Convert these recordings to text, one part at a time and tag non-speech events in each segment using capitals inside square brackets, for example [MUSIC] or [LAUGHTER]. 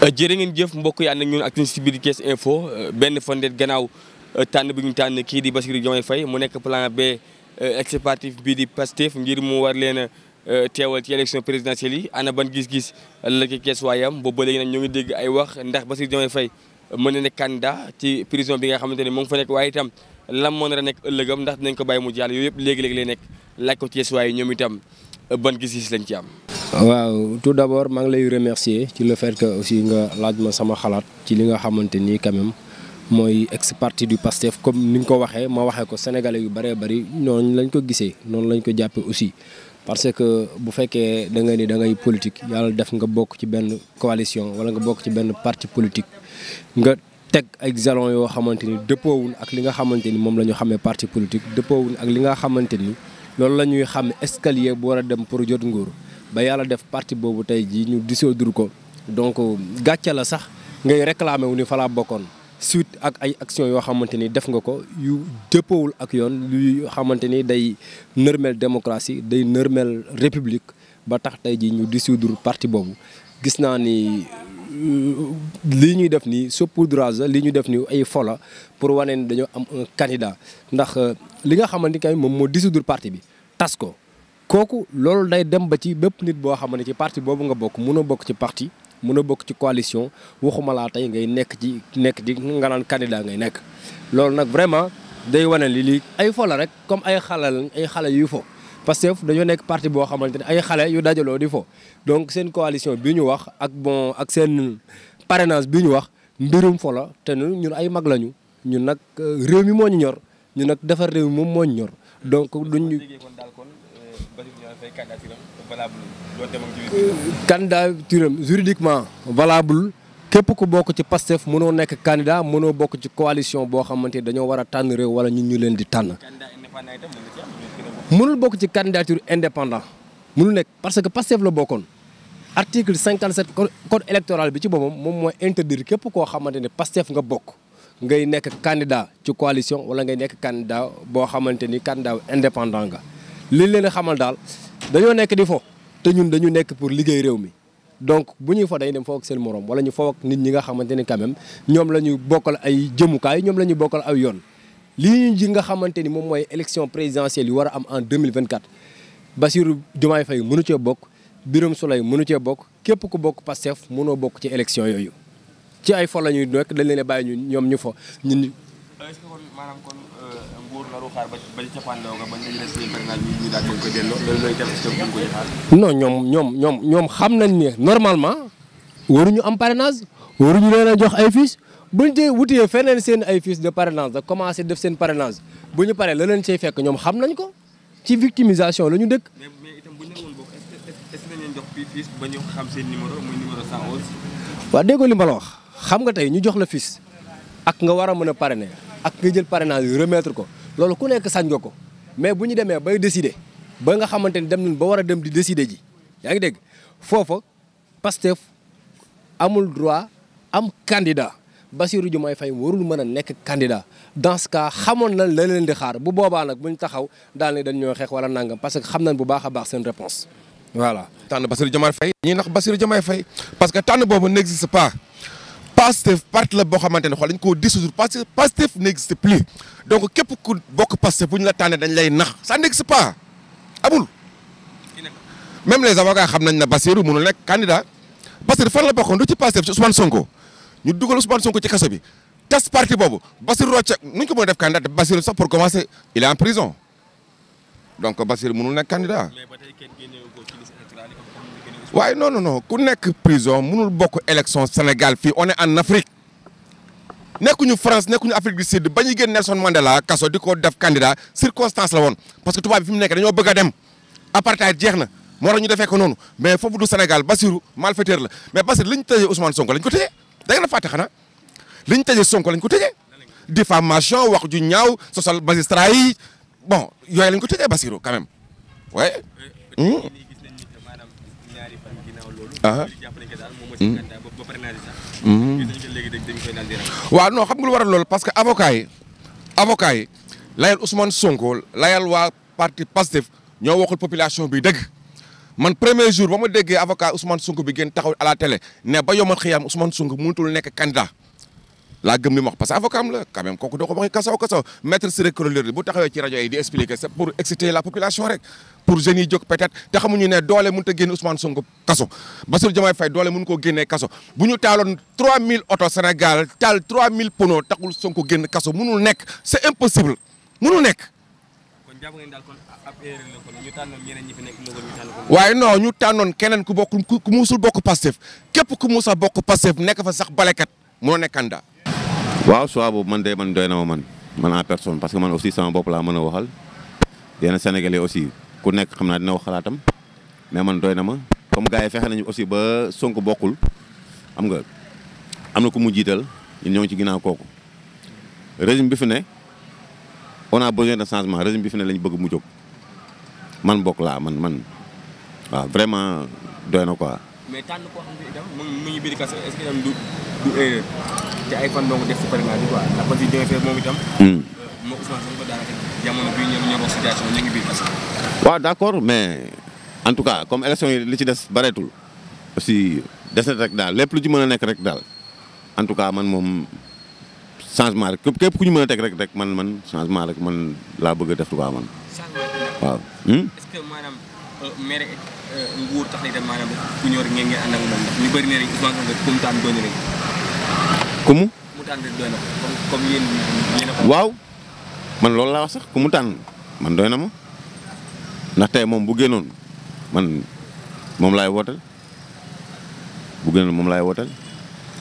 Euh, jërë ngeen jëf mbokk yi ànd ak ñun ak ci biir Thiès Info euh, benn fan deet gannaaw euh, tànn bi ñu tànn kii di Bassirou Diomaye fay mu nekk plan B exécutif bii di Pastef ngir mu war leen a teewal ci élection présidentielle yi ana ban gis-gis la ci Thiès waayam boobu ba léegi nag ñoo ngi dégg ay wax ndax Bassirou Diomaye Faye mën na nekk candidat ci prison bi nga xamante ne moo ngi fa nekk waaye itam lan moo nar nekk ëllëgam ndax dinañ ko bàyyi mu jàll yooyu yëpp léegi-léegi lay nekk laaj ko waay ñoom itam ban gis-gis lañ ci am waaw tout d'abord maa ngi lay remercier ci le fait que aussi nga laaj ma sama xalaat ci li nga xamante ni quand même mooy ex parti du PASTEF comme ni nga ko waxee ma waxee ko sénégalais yu bëree bëri noonu lañ ko gisee noonu lañ ko jàppee aussi. parce que bu fekkee danga nga ni da ngay politique yàlla def nga bokk ci benn coalition wala nga bokk ci benn parti politique nga. teg ay jalons yoo xamante ni dëppoowuñ ak li nga xamante ni moom la ñu xamee parti politique dëppoowuñ ak li nga xamante ni loolu la ñuy xam escalier bu war a dem pour jot nguur ba yàlla def parti boobu tey jii ñu dissoudre ko donc gàcce la sax ngay réclamer wu ni falaa bokkoon suite ak ay action yoo xamante ni def nga ko yu jëppawul ak yoon yu xamante ni day nërmeel démocratie day nërmeel république ba tax tey jii ñu dissoudre parti boobu gis naa ni euh, lii ñuy def nii saupoudrage la lii ñu def nii ay fola pour wane ni dañoo am un ndax euh, li nga xamante ni kay moom moo dissoudre parti bi tas ko kooku loolu day dem ba ci bépp nit boo xam ne ci parti boobu nga bokk mun a bokk ci parti mun a bokk ci coalition waxuma laa tey ngay nekk ci nekk di nga naan candidat ngay nekk. loolu nag vraiment day wane li lii ay fola rek comme ay xale ay xale yuy fo Pastef dañoo nekk parti boo xamante ne ay xale yu dajaloo di fo donc seen coalition bi ñu wax ak bon ak seen parrainage bi ñu wax mbirum fola te te ñun ay mag lañu ñun nag euh, réew mi moo ñu ñor ñun nag defar réew moom moo ñor donc duñ. candidaturam juridiquement valable képp ku bokk ci Pastef mënoo nekk candidat mënoo bokk ci coalition boo xamante dañoo war a tànn réew wala ñu ñu leen di tànn. mënul bokk ci candidature indépendant mënul nekk parce que Pastef la bokkoon. article 57 code électoral bi ci boppam moom mooy interdire képp koo xamante ne Pastef nga bokk. ngay nekk candidat ci coalition wala ngay nekk candidat boo xamante ni candidat indépendant nga. li leen a xamal daal dañoo nekk di te ñun dañu nekk pour liggéey réew mi donc bu ñuy fo dañuy foo seen morom wala ñu foo ak nit ñi nga xamante ni quand même ñoom la ñu bokkal ay jëmukaay ñoom la ñu bokkal ay yoon. lii ñu ji nga xamante ni moom mooy élection présidentielle yi war a am en 2024 Bassirou Diomaye Faye mënu cee bokk Birame Souleye mënu cee bokk képp ku bokk Pastef mënoo bokk ci élection yooyu. ci ay fo la ñuy nekk dañ leen a bàyyi ñoom ñu fo ñun est-ce que kon maanaam ñoom ñoom ñoom xam nañ ne normalement waruñu am parrainage waruñu leen a jox ay fiches buñ ci wutiyee feneen seen ay fiches de parrainage da commencé def seen parrainage bu ñu paree la leen cay fekk ñoom xam nañ ko ci victimisation la ñu dëkk. mais mais bu ñu ne woon xam seen numéro li ma la wax xam nga tey ñu jox la fiche ak nga war a mën a parrainer ak nga jël parrainage yi remettre ko loolu ku nekk sañ nga ko mais bu ñu demee bay décider ba nga xamante ni dem nañ ba war a dem di décider ji yaa ngi dégg foofa Pastef amul droit am candidat Bassirou Diomaye Faye warul mën a nekk candidat dans ce cas xamoon nañ la leen di xaar bu boobaa nag bu ñu taxaw daal ni dañ ñoo xeex wala nangam parce que xam nañ bu baax a baax seen réponse voilà tànn Bassirou Diomaye Faye ñii ndax Bassirou Diomaye Faye parce que tànn boobu n'existe pas Pastef parti la boo xamante ne xool dañ koo dissoudre parce que Pastef n'existe plus donc képp ku bokk Pastef bu ñu la tànnee dañ lay nax ça n'existe pas amul. même les avocats xam nañ ne Bassirou mënul nekk candidat parce que fan la bokkoon du ci Pastef ci Ousmane Sonko ñu dugal Ousmane Sonko ci kaso bi tas parti boobu Bassirou rocce nu ñu ko mën a def candidat Bassirou sax pour commencer il est en prison donc Bassirou mënul nekk candidat. waaye non non non ku nekk prison mënul bokk élection Sénégal fii on est en Afrique nekkuñu France nekkuñu Afrique du Sud ba ñuy génn Nelson Mandela kaso di ko def candidat circonstance la woon parce que tubaab bi fi mu nekk dañoo bëgg a dem apartheid jeex na moo tax ñu defee ko noonu mais foofu du Sénégal Bassirou malfaiteur la mais Bassirou li ñu tëjee Ousmane Sonko lañ ko tëjee da ngeen a fàtte xanaa li ñu tëjee Sonko lañ ko tëjee diffamation wax ju ñaaw sosal magistrat yi bon yooyu lañ ko tëjee Bassirou quand même hmm? ah. Mm-hmm. waaw non xam nga lu waral loolu parce que avocat yi avocat yi layal Ousmane Sonko layal waa parti Pastef ñoo waxul population bi dëgg man premier jour ba ma déggee avocat Ousmane Sonko bi gën taxaw à la télé ne ba yomal xiyam Ousmane Sonko mënatul nekk candidat. laa gëm li ma wax la quand même kooku doo ko waxee kasaw kasaw maître Ciré Clédor Ly bu taxawee ci rajo yi di expliquer c'est pour exciter la population rek pour jeunes yi jóg peut-être te xamuñu ne doole mënut a génne Ousmane Sonko kaso Bassirou Diomaye Faye doole mënu koo génnee kaso bu ñu taaloon 3000 oto Sénégal taal pono taxul Sonko génn kaso mënul nekk c'est impossible mënul nekk. kon ab erreur la kon ñu tànnoon ñeneen ñi fi nekk ñu tànn waaye non ñu tànnoon keneen ku bokk ku musul bokk Pastef képp ku musa bokk Pastef nekk fa sax balekat moo nekk waaw choix boobu man de man doy na ma man man en personne parce que man aussi sama bopp laa mën a waxal yenn Sénégalais aussi ku nekk xam naa dina wax xalaatam mais man doy na ma comme gars yi fexe nañu aussi ba sonk bokkul xam nga am na ku mu jiital ñun ñoo ngi ci ginnaaw kooku régime bi fi ne on a besoin de changement régime bi fi ne lañu bëgg mu jóg man bokk laa man man waaw vraiment doy na quoi. mais tànn koo xam ne itam ay fan donc def si parrainage bi quoi hmm. euh, waaw d'accord mais en tout cas comme élection yi li ci des bareetul aussi des na rek daal lépp lu ci mën a nekk rek daal en tout cas man moom changement rek képp ku ñu mën a teg rek rek man man changement rek man laa bëgg a def quoi man. waaw. Hmm? mere waaw man loolu laa wax sax ku mu man doy na ma ndax tey moom bu génnoon man moom laay wootal bu moom laay wootal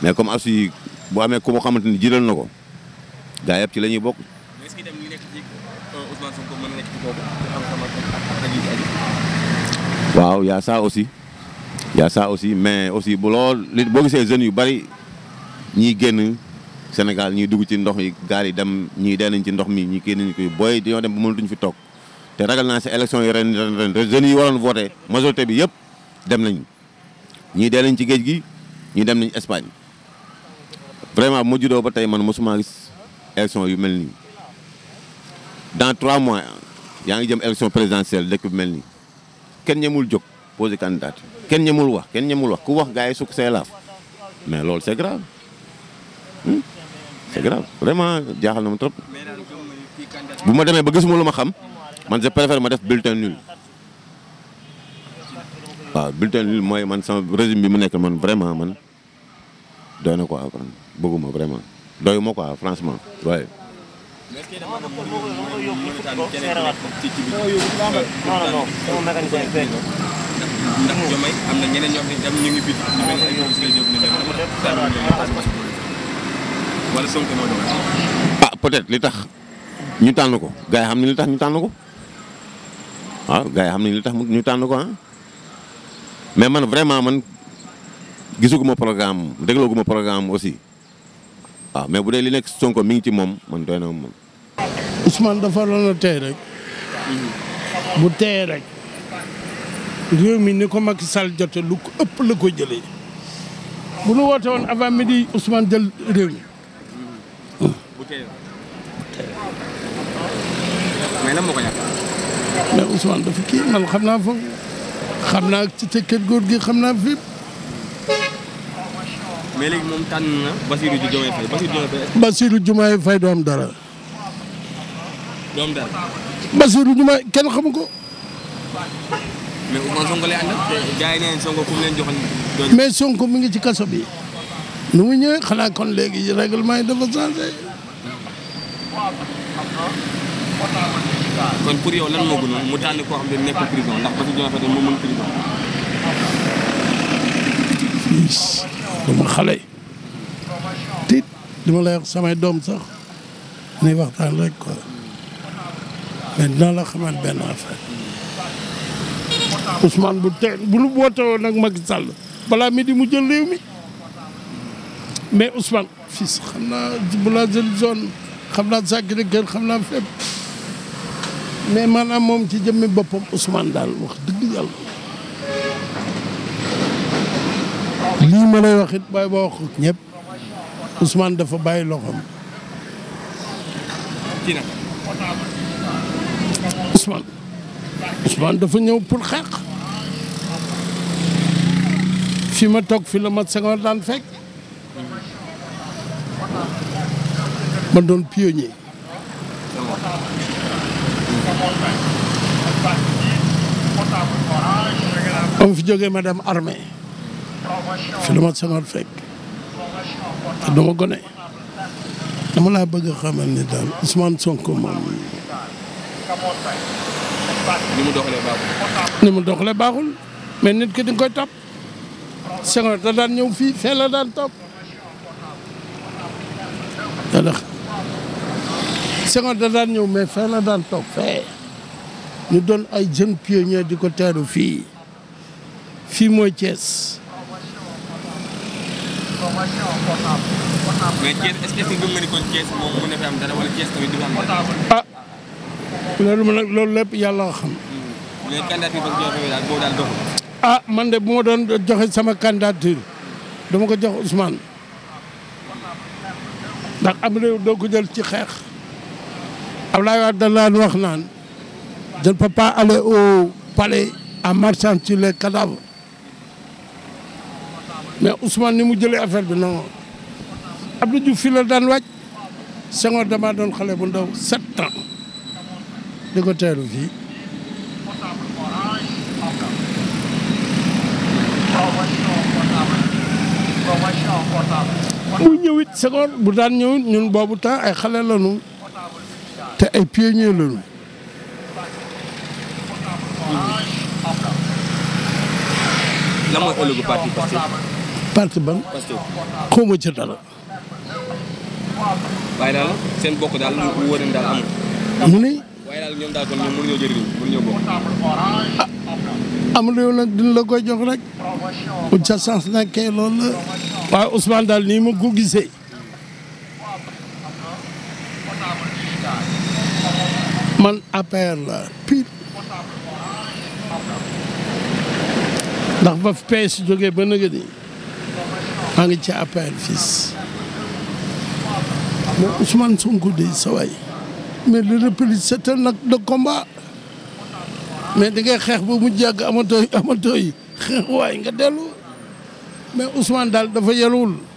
mais comme as yi bu amee ku ma xamante ni jiral na ko gaa yëpp ci lañuy bokk. waaw y' a aussi y' a aussi mais aussi bu lool li boo gisee jeunes yu bari ñii génn Sénégal ñiy dugg ci ndox yi gaal yi dem ñii dee nañ ci ndox mi ñu génn nañ ko booy dañoo dem ba mënatuñ fi toog te ragal naa si élection yi ren ren ren jeunes yi waroon voté majorité bi yëpp dem nañ ñii dee nañ ci géej gi ñii dem nañ Espagne vraiment bu ma ba tey man mosuma gis élection yu mel nii dans trois mois yaa ngi jëm élection présidentielle dëkk bu mel nii. kenn ñemul jóg posé candidature kenn ñemul wax kenn ñemul wax ku wax gars yi sukk see laaf mais loolu c'est grave hmm? c'est grave vraiment jaaxal na ma trop bu ma demee ba gisuma lu ma xam man je préfère ma def bulletin nul waaw bulletin nul mooy man sama régime bi mu nekk man vraiment man doy na quoi bëgguma vraiment doyuma quoi franchement ndax ah peut-être li tax ñu tànn ko gars yi xam ne li tax ñu tànn ko waaw ah, gars yi xam ne li tax ñu tànn ko ah. mais man vraiment man gisuguma programme dégluguma programme aussi. waaw mais bu dee li nekk Sonko mi ngi ci moom man doy na moom. Ousmane dafa waroon tey rek. bu tey rek. réew mi ni ko Macky Sall jotee lu ko ëpp la ko jëlee. bu nu woote woon avant midi Ousmane jël réew mi. mais lan moo ko ñàkk. mais Ousmane dafa kii man xam naa foofu xam naa ci te kër gi xam naa fépp. mais léegi moom tànn na Bassirou Diomaye Faye Bassirou Diomaye Faye. Bassirou Diomaye Faye doom dara. doom dara. Bassirou Diomaye kenn xamu ko. mais Ousmane Sonko lay mu ngi ci kaso bi. nu mu ñëwee xanaa kon léegi règlement yi dafa changé. kon pour yow lan moo gënoon mu tànn koo xam ne nekk prison ndax Bassirou Diomaye Faye moom mën prison. du ma xale tiit li ma lay wax samay doom sax ni waxtaan rek quoi mais dina la xamal benn affaire Ousmane bu te bu lu woote woon nag Macky Sall balaa mi di mu jël réew mi mais Ousmane fii xam naa bu laa jël zone xam naa sàkkiri kër xam naa fépp mais maanaam moom ci jëmmi boppam Ousmane daal wax dëgg yàlla lii ma lay wax it wax ko ñëpp Ousmane dafa bàyyi loxoom. Ousmane Ousmane dafa ñëw pour xeex fi ma toog fi la ma Senghor daan fekk ma doon pionnier am fi jógee ma dem armée fi la ma Senghor fekk te dama gone dama laa bëgg a xamal ni daal Ousmane Sonko moom ni mu doxalee baaxul. ni mu doxalee baaxul mais nit ki di nga koy topp Senghor da daan ñëw fii fee la daan topp yàlla Senghor da daan ñëw mais fee la daan topp fee ñu doon ay jeunes pionniers di ko teeru fii fii mooy Thiès. mais ah loolu nag loolu lépp yàlla nga xam. ah man de bu ma doon joxe sama candidature dama ko jox Ousmane ndax am doo ko jël ci xeex Abdoulaye Wade dañ wax naan je ne peux pas aller au palais en marchant sur mais Ousmane ni mu jëlee affaire bi non Abdou Diouf fii daan wàcc Senghor damaa doon xale bu ndaw set ans di ko teeru fii bu ñëwit Senghor bu daan ñëwit ñun boobu temps ay xale lañu te ay pionnier parti ban xaw ma ca daal seen bokk mu ne. waaye daal ñoom daal ah, rek. ut sa sens nag waaye Ousmane daal nii ma ko gisee. man APR la pire. ndax ba PS jógee ba nëgë nii. maa ngi ci APR fils mais Ousmane Sonko de sa waay mais le repli nag un acte de combat mais di ngay xeex ba mu jàgg amatooy amatooy xeex [LAUGHS] waay nga dellu mais Ousmane daal dafa yeluwul